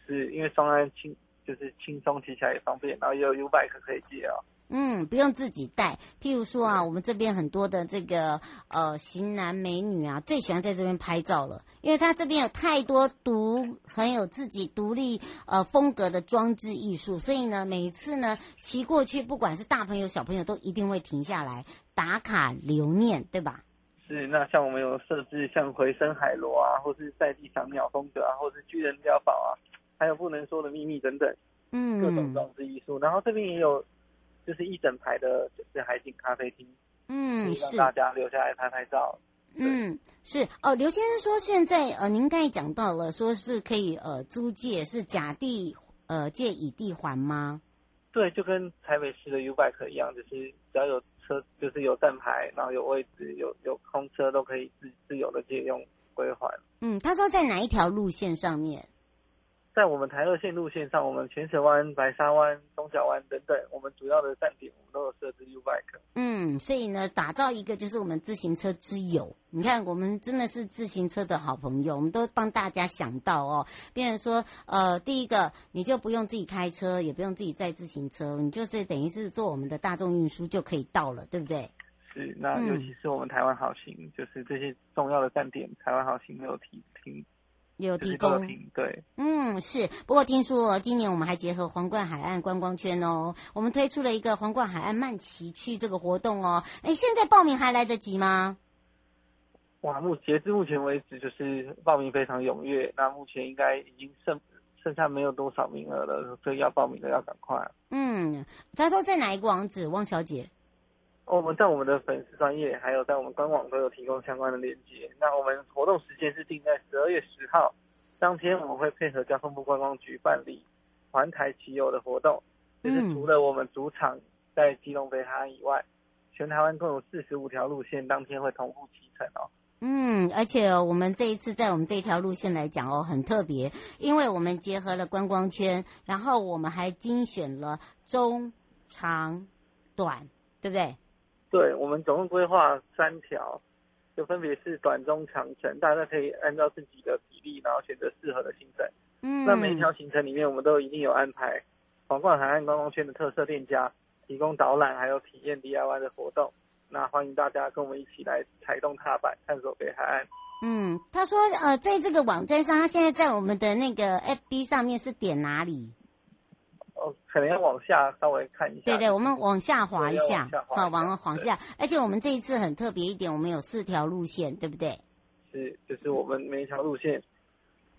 是因為雙灣輕就是輕鬆騎起來也方便，然後又有 U-bike 可以借哦。嗯，不用自己帶。譬如說啊，我們這邊很多的這個呃型男美女啊，最喜歡在這邊拍照了，因為他這邊有太多獨很有自己獨立呃風格的裝置藝術，所以呢，每次呢騎過去，不管是大朋友小朋友，都一定會停下來打卡留念，對吧？是，那像我們有設置像回聲海螺啊、或是在地小鳥風格啊、或是巨人碉堡啊、還有不能說的秘密等等，嗯，各種裝置藝術。然後這邊也有，就是一整排的，就是海景咖啡廳，嗯，是讓大家留下來拍拍照。嗯，是哦。劉先生說，現在呃，您剛才講到了，說是可以呃租借是甲地呃借乙地還嗎？對，就跟台北市的 UBike 一樣，就是只要有。車就是有站牌，然後有位置，有有空車都可以自自由的借用歸還。嗯，他說在哪一條路線上面？在我們台二線路線上，我們淺水灣、白沙灣、中角灣等等，我們主要的站點我們都有設置 U bike。嗯，所以呢，打造一個就是我們自行車之友。你看，我們真的是自行車的好朋友，我們都幫大家想到哦、喔。變成說，呃，第一個，你就不用自己開車，也不用自己載自行車，你就是等於是坐我們的大眾運輸就可以到了，對不對？是，那尤其是我們台灣好行，嗯、就是這些重要的站點，台灣好行沒有停停。提有提供對、嗯，嗯，是。不過聽說今年我們還結合皇冠海岸觀光圈哦，我們推出了一個皇冠海岸慢騎趣這個活動哦。哎，現在報名還來得及嗎？哇，目截至目前為止，就是報名非常踴躍。那目前應該已經剩剩下沒有多少名額了，所以要報名的要趕快。嗯，他說在哪一個網址，翁小姐？哦，我們在我們的粉絲專頁，還有在我們官網都有提供相關的鏈接。那我們活動時間是定在十二月十號，當天我們會配合交通部觀光局辦理環台騎遊的活動，就是除了我們主場在基隆北海岸以外，嗯、全台灣共有四十五條路線，當天會同步啟程哦。嗯，而且我們這一次在我們這條路線來講哦，很特別，因為我們結合了觀光圈，然後我們還精選了中、長、短，對不對？對，我們總共規劃三條，就分別是短、中、長程，大家可以按照自己的比例，然後選擇適合的行程。嗯，那每一條行程裡面，我們都一定有安排皇冠海岸觀光圈的特色店家，提供導覽，還有體驗 DIY 的活動。那歡迎大家跟我們一起來踩動踏板，探索北海岸。嗯，他說，呃，在這個網站上，他現在在我們的那個 FB 上面是點哪裡？可能要往下稍微看一下，對對，我們往下滑一下，好往往下。而且我們這一次很特別一點，我們有四條路線，對不對？是，就是我們每一條路線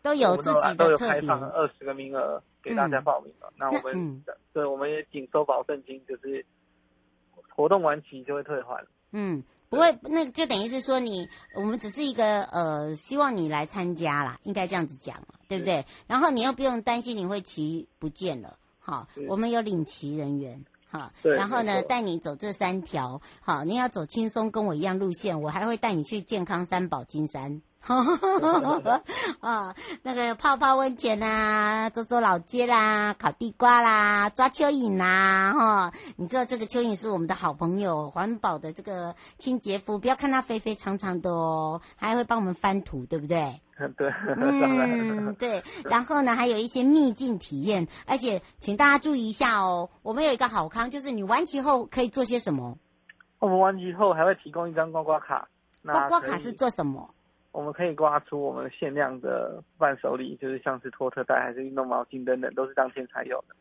都有自己都有開放二十個名額給大家報名了，那我們，對，我們也僅收保證金，就是活動完期就會退還。嗯，不會，那就等於是說你，我們只是一個呃，希望你來參加啦，應該這樣子講嘛，對不對？然後你又不用擔心你會騎不見了。好，我們有領騎人員，好，對然後呢，帶錯你走這三條，好，你要走輕鬆跟我一樣路線，我還會帶你去健康三寶金山，啊， 那個泡泡溫泉啊，走走老街啦，烤地瓜啦，抓蚯蚓啦，啊，哈，你知道這個蚯蚓是我們的好朋友，環保的這個清潔夫，不要看它肥肥長長的哦，還會幫我們翻土，對不對？對，對，然後呢，還有一些秘境體驗， 而且請大家注意一下哦，我們有一個好康，就是你完騎後可以做些什麼？我們完騎後還會提供一張刮刮卡，那刮刮卡是做什麼？我們可以刮出我們限量的伴手禮，就是像是托特袋還是運動毛巾等等，都是當天才有的。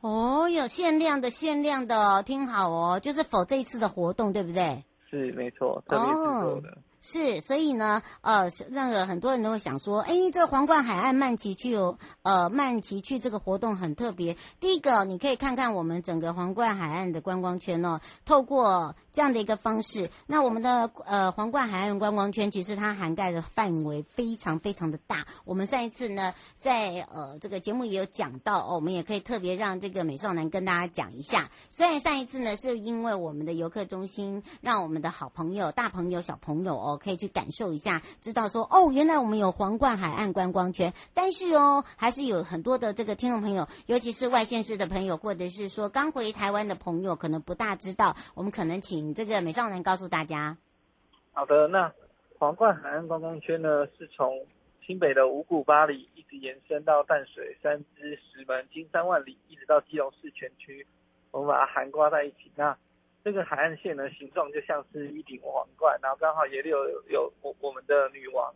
哦，有限量的，限量的，聽好哦，就是否這一次的活動對不對？是，沒錯，特別製作的。哦是，所以呢，呃，讓、那個、很多人都會想說，哎，這皇冠海岸漫騎趣有、哦，呃，漫騎趣這個活動很特別。第一個，你可以看看我們整個皇冠海岸的觀光圈哦，透過這樣的一個方式，那我們的呃皇冠海岸觀光圈其實它涵蓋的範圍非常非常的大。我們上一次呢，在呃這個節目也有講到哦，我們也可以特別讓這個美少男跟大家講一下。雖然上一次呢，是因為我們的遊客中心讓我們的好朋友、大朋友、小朋友哦。我可以去感受一下，知道說哦，原來我們有皇冠海岸觀光圈，但是哦，還是有很多的這個聽眾朋友，尤其是外縣市的朋友，或者是說剛回台灣的朋友，可能不大知道。我們可能請這個美少年告訴大家。好的，那皇冠海岸觀光圈呢，是從新北的五股八里一直延伸到淡水、三芝、石門、金山、萬里，一直到基隆市全區，我們把它涵蓋在一起那，這個海岸線的形狀就像是一頂皇冠，然後剛好也有有我我們的女王，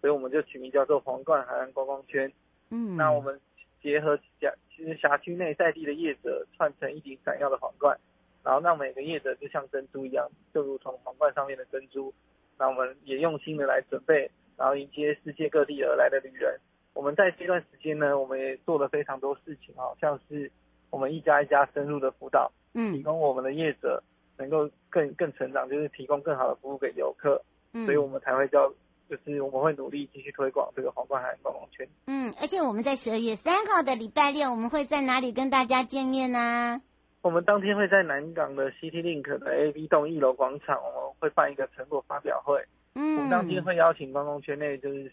所以我們就取名叫做皇冠海岸觀光圈。嗯，那我們結合轄其實轄區內在地的業者串成一頂閃耀的皇冠，然後讓每個業者就像珍珠一樣，就如同皇冠上面的珍珠，那我們也用心的來準備，然後迎接世界各地而來的旅人。我們在這段時間呢，我們也做了非常多事情啊，像是我們一家一家深入的輔導。嗯、提供我們的業者能夠更更成長，就是提供更好的服務給遊客，嗯、所以我們才會叫，就是我們會努力繼續推廣這個黃冠海岸觀光圈。嗯，而且我們在十二月三號的禮拜六，我們會在哪裡跟大家見面呢？啊？我們當天會在南港的 CityLink 的 A B 棟一樓廣場，我們會辦一個成果發表會。嗯，我們當天會邀請觀光圈內，就是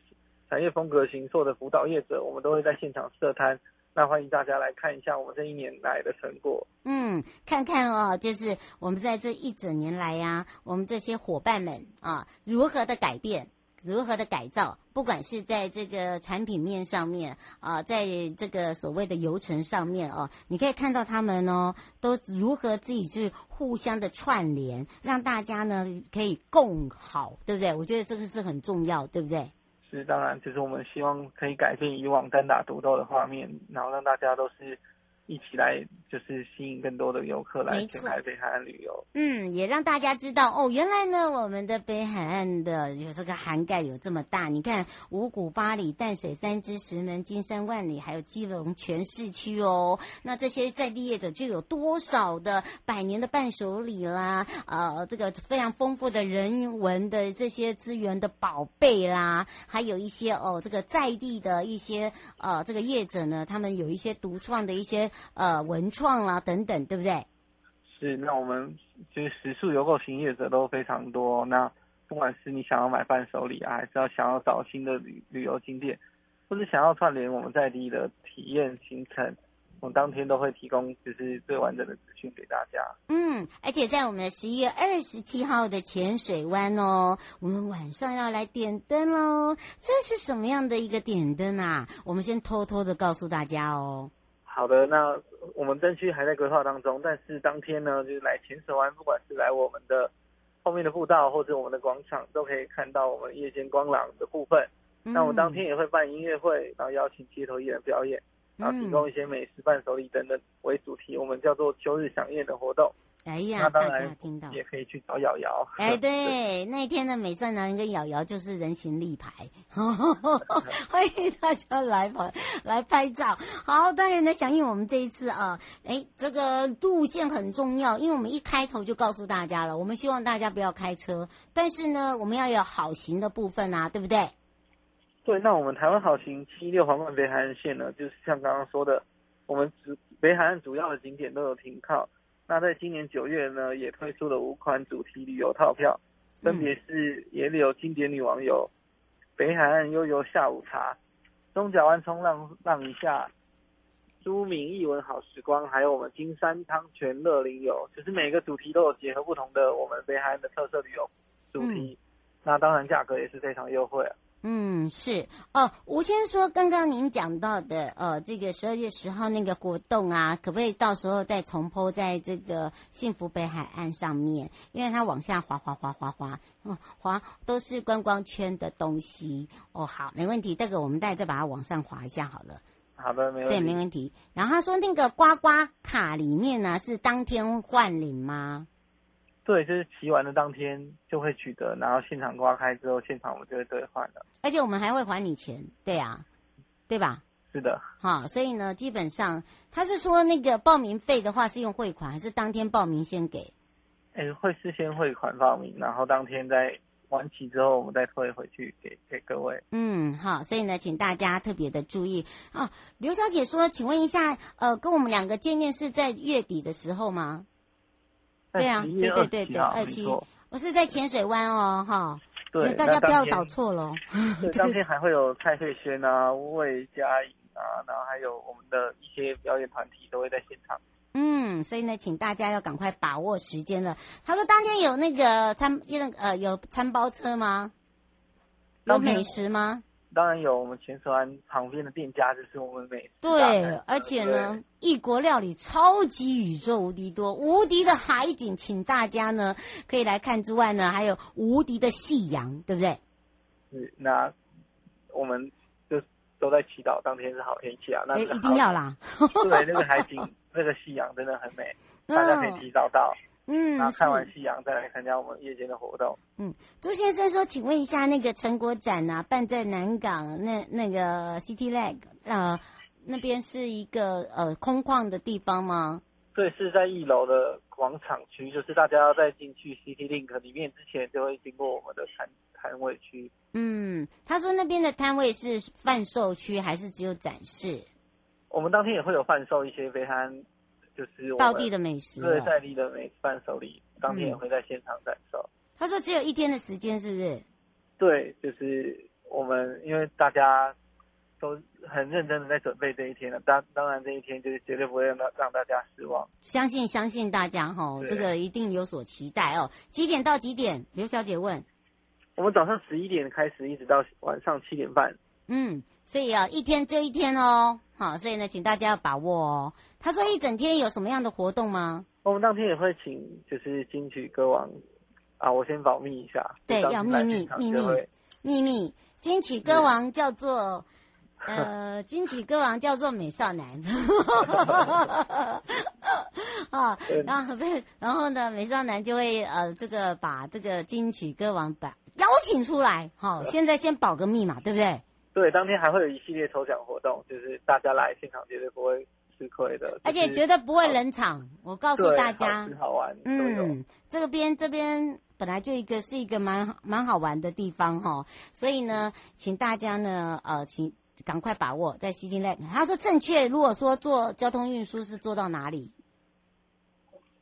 產業風格形塑的輔導業者，我們都會在現場設攤。那歡迎大家來看一下我們這一年來的成果。嗯，看看哦，就是我們在這一整年來呀、啊，我們這些夥伴們啊，如何的改變，如何的改造，不管是在這個產品面上面啊，在這個所謂的流程上面哦、啊，你可以看到他們呢、哦，都如何自己去互相的串聯，讓大家呢可以共好，對不對？我覺得這個是很重要，對不對？是，當然，就是我們希望可以改變以往單打獨鬥的畫面，嗯、然後讓大家都是。一起來，就是吸引更多的遊客來去台北海岸旅遊。嗯，也讓大家知道哦，原來呢，我們的北海岸的有這、就是、個涵蓋有這麼大。你看，五股、八里、淡水、三芝、石門、金山、萬里，還有基隆全市區哦。那這些在地業者就有多少的百年的伴手禮啦，呃，這個非常豐富的人文的這些資源的寶貝啦，還有一些哦，這個在地的一些呃，這個業者呢，他們有一些獨創的一些。呃，文創啦、啊、等等，對不對？是，那我們其實食宿遊購行業者都非常多。那不管是你想要買伴手禮啊，還是要想要找新的旅旅遊景點，或是想要串聯我們在地的體驗行程，我們當天都會提供就是最完整的資訊給大家。嗯，而且在我們的十一月二十七號的淺水灣哦，我們晚上要來點燈嘍。這是什麼樣的一個點燈啊？我們先偷偷的告訴大家哦。好的，那我們燈區還在規劃當中，但是當天呢，就是來淺水灣，不管是來我們的後面的步道或者我們的廣場，都可以看到我們夜間光廊的部分。那我當天也會辦音樂會，然後邀請街頭藝人表演，然後提供一些美食、伴手禮等等為主題，我們叫做秋日饗宴的活動。哎呀，大家聽到也可以去找瑤瑤。哎、欸，對，對那天的美善男人跟瑤瑤就是人形立牌， 歡迎大家來拍來拍照。好，當然呢，響應我們這一次啊，哎、欸，這個路線很重要，因為我們一開頭就告訴大家了，我們希望大家不要開車，但是呢，我們要有好行的部分啊，對不對？對，那我們台灣好行七六皇冠北海岸線呢，就是像剛剛說的，我們北海岸主要的景點都有停靠。那在今年九月呢，也推出了五款主題旅遊套票，分別、嗯、是野柳經典女王遊、北海岸悠游下午茶、中角灣衝浪浪一下、朱銘藝文好時光，還有我們金山湯泉樂齡遊。其實、就是、每個主題都有結合不同的我們北海岸的特色旅遊主題，嗯、那當然價格也是非常優惠、啊。嗯，是哦。我先說剛剛您講到的，呃，這個十二月十號那個活動啊，可不可以到時候再重播在這個幸福北海岸上面？因為它往下滑滑滑滑滑，嗯、滑都是觀光圈的東西。哦，好，沒問題。這個我們再再把它往上滑一下好了。好的，沒問題。對，沒問題。然後他說那個刮刮卡裡面呢，是當天換領嗎？對，就是騎完的當天就會取得，然後現場刮開之後，現場我們就會兌換的。而且我們還會還你錢，對呀、啊，對吧？是的，好，所以呢，基本上他是說那個報名費的話是用匯款還是當天報名先給？誒，會事先匯款報名，然後當天在完騎之後，我們再退回去給給各位。嗯，好，所以呢，請大家特別的注意啊、哦，劉小姐說，請問一下，呃，跟我們兩個見面是在月底的時候嗎？對啊，對對對對，錯二期，我是在淺水灣哦，哈對，所以大家不要導錯嘍 。當天還會有蔡慧軒啊、魏佳穎啊，然後還有我們的一些表演團體都會在現場。嗯，所以呢，請大家要趕快把握時間了。他說當天有那個餐，那個呃，有餐包車嗎？有美食嗎？當然有，我們淺水灣旁邊的店家就是我們美食。對，對而且呢，異對國料理超級宇宙無敵多，無敵的海景，請大家呢可以來看之外呢，還有無敵的夕陽，對不對？是那我們就都在祈禱當天是好天氣啊，那、欸、一定要啦， 對，那個海景那個夕陽真的很美，大家可以提早到。嗯嗯，然後看完夕陽再來參加我們夜間的活動。嗯，朱先生說，請問一下，那個成果展啊，辦在南港那那個 CityLink，呃，那邊是一個呃空曠的地方嗎？對，是在一樓的廣場區，就是大家要再進去 CityLink 裡面之前，就會經過我們的攤攤位區。嗯，他說那邊的攤位是販售區還是只有展示？我們當天也會有販售一些非常。就是我在地的美食，對，在地的美食伴手禮，當天也會在現場感受。他說只有一天的時間，是不是？對，就是我們因為大家都很認真的在準備這一天了，當當然這一天就是絕對不會讓大讓大家失望。相信相信大家哈，這個一定有所期待哦。幾點到幾點？劉小姐問。我們早上十一點開始，一直到晚上七點半。嗯，所以啊，一天就一天哦。好，所以呢，請大家要把握哦。他說：“一整天有什麼樣的活動嗎？”我們當天也會請就是金曲歌王，啊，我先保密一下。對，要秘密，秘密，會秘密，秘密。金曲歌王叫做，對呃，金曲歌王叫做美少男， 啊，對然後然後呢，美少男就會呃，這個把這個金曲歌王邀請出來。好， 現在先保個密嘛，對不對？對，當天還會有一系列抽獎活動，就是大家來現場絕對不會。可以的，就是，而且絕對不會冷場。好我告訴大家，好，好玩。嗯，有這邊這邊本來就一個是一個蠻蠻好玩的地方哈，所以呢，請大家呢，呃，請趕快把握在西京內。他說正確，如果說做交通運輸是做到哪裡？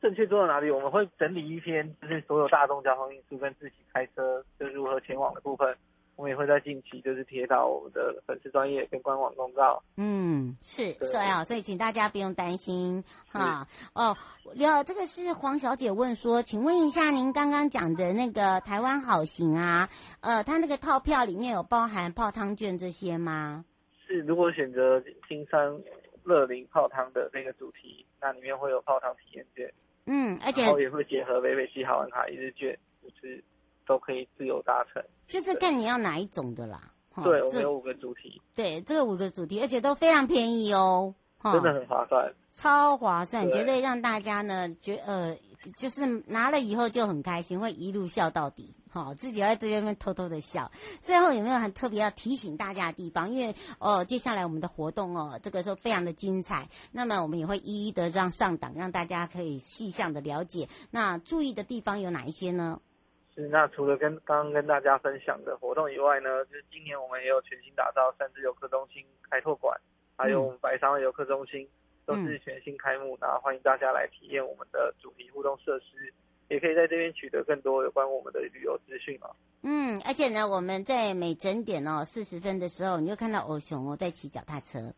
正確做到哪裡？我們會整理一篇，就是所有大眾交通運輸跟自己開車，就如何前往的部分。我們也會在近期，就是貼到我們的粉絲專頁跟官網公告。嗯，是，所以啊，所以請大家不用擔心是哈。哦，聊這個是黃小姐問說，請問一下，您剛剛講的那個台灣好行啊，呃，它那個套票裡面有包含泡湯券這些嗎？是，如果選擇金山樂林泡湯的那個主題，那裡面會有泡湯體驗券。嗯，而且也會結合北北基好玩卡一日券，就是。都可以自由搭乘，就是看你要哪一種的啦。對，我們有五個主題。對，這個五個主題，而且都非常便宜哦、喔。真的很划算，超划算，對，絕對讓大家呢，覺，呃，就是拿了以後就很開心，會一路笑到底。好，自己要在這邊偷偷的笑。最後有沒有很特別要提醒大家的地方？因為哦、呃，接下來我們的活動哦、呃，這個時候非常的精彩。那麼我們也會一一的讓上檔，讓大家可以細項的了解。那注意的地方有哪一些呢？是，那除了跟剛剛跟大家分享的活動以外呢，就是今年我們也有全新打造三芝遊客中心開拓館，嗯、還有我們白沙灣遊客中心都是全新開幕，嗯、然後歡迎大家來體驗我們的主題互動設施，也可以在這邊取得更多有關我們的旅遊資訊啊。嗯，而且呢，我們在每整點哦四十分的時候，你就看到偶熊哦在騎腳踏車，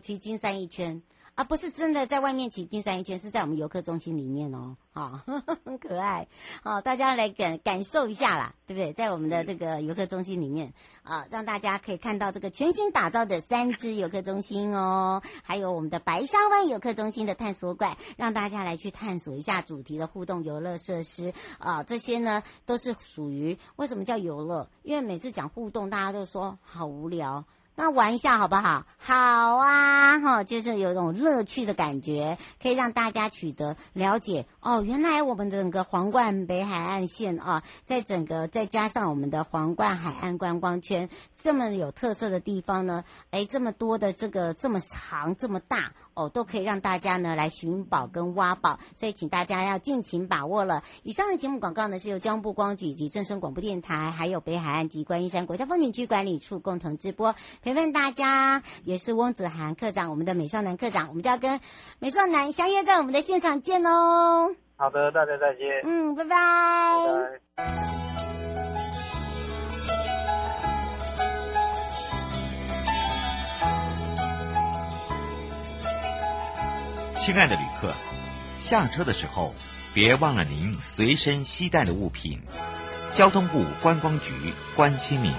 騎金山一圈。啊，不是真的，在外面騎金山一圈，是在我們遊客中心裡面哦，啊，很可愛，啊，大家來感感受一下啦，對不對？在我們的這個遊客中心裡面啊，讓大家可以看到這個全新打造的三芝遊客中心哦，還有我們的白沙灣遊客中心的探索館，讓大家來去探索一下主題的互動遊樂設施啊，這些呢都是屬於為什麼叫遊樂？因為每次講互動，大家都說好無聊。那玩一下好不好？好啊，哈，就是有一種樂趣的感覺，可以讓大家取得了解。哦，原來我們整個皇冠北海岸線啊，在整個再加上我們的皇冠海岸觀光圈，這麼有特色的地方呢，誒這麼多的這個這麼長這麼大哦，都可以讓大家呢來尋寶跟挖寶，所以請大家要盡情把握了。以上的節目廣告呢是由江部光局以及正聲廣播電台，還有北海岸及觀音山國家風景區管理處共同直播，陪伴大家也是翁子涵課長，我們的美少男課長，我們就要跟美少男相約在我們的現場見囉。好的，大家再見。嗯，拜拜。拜拜。親愛的旅客，下車的時候別忘了您隨身攜帶的物品。交通部觀光局關心您。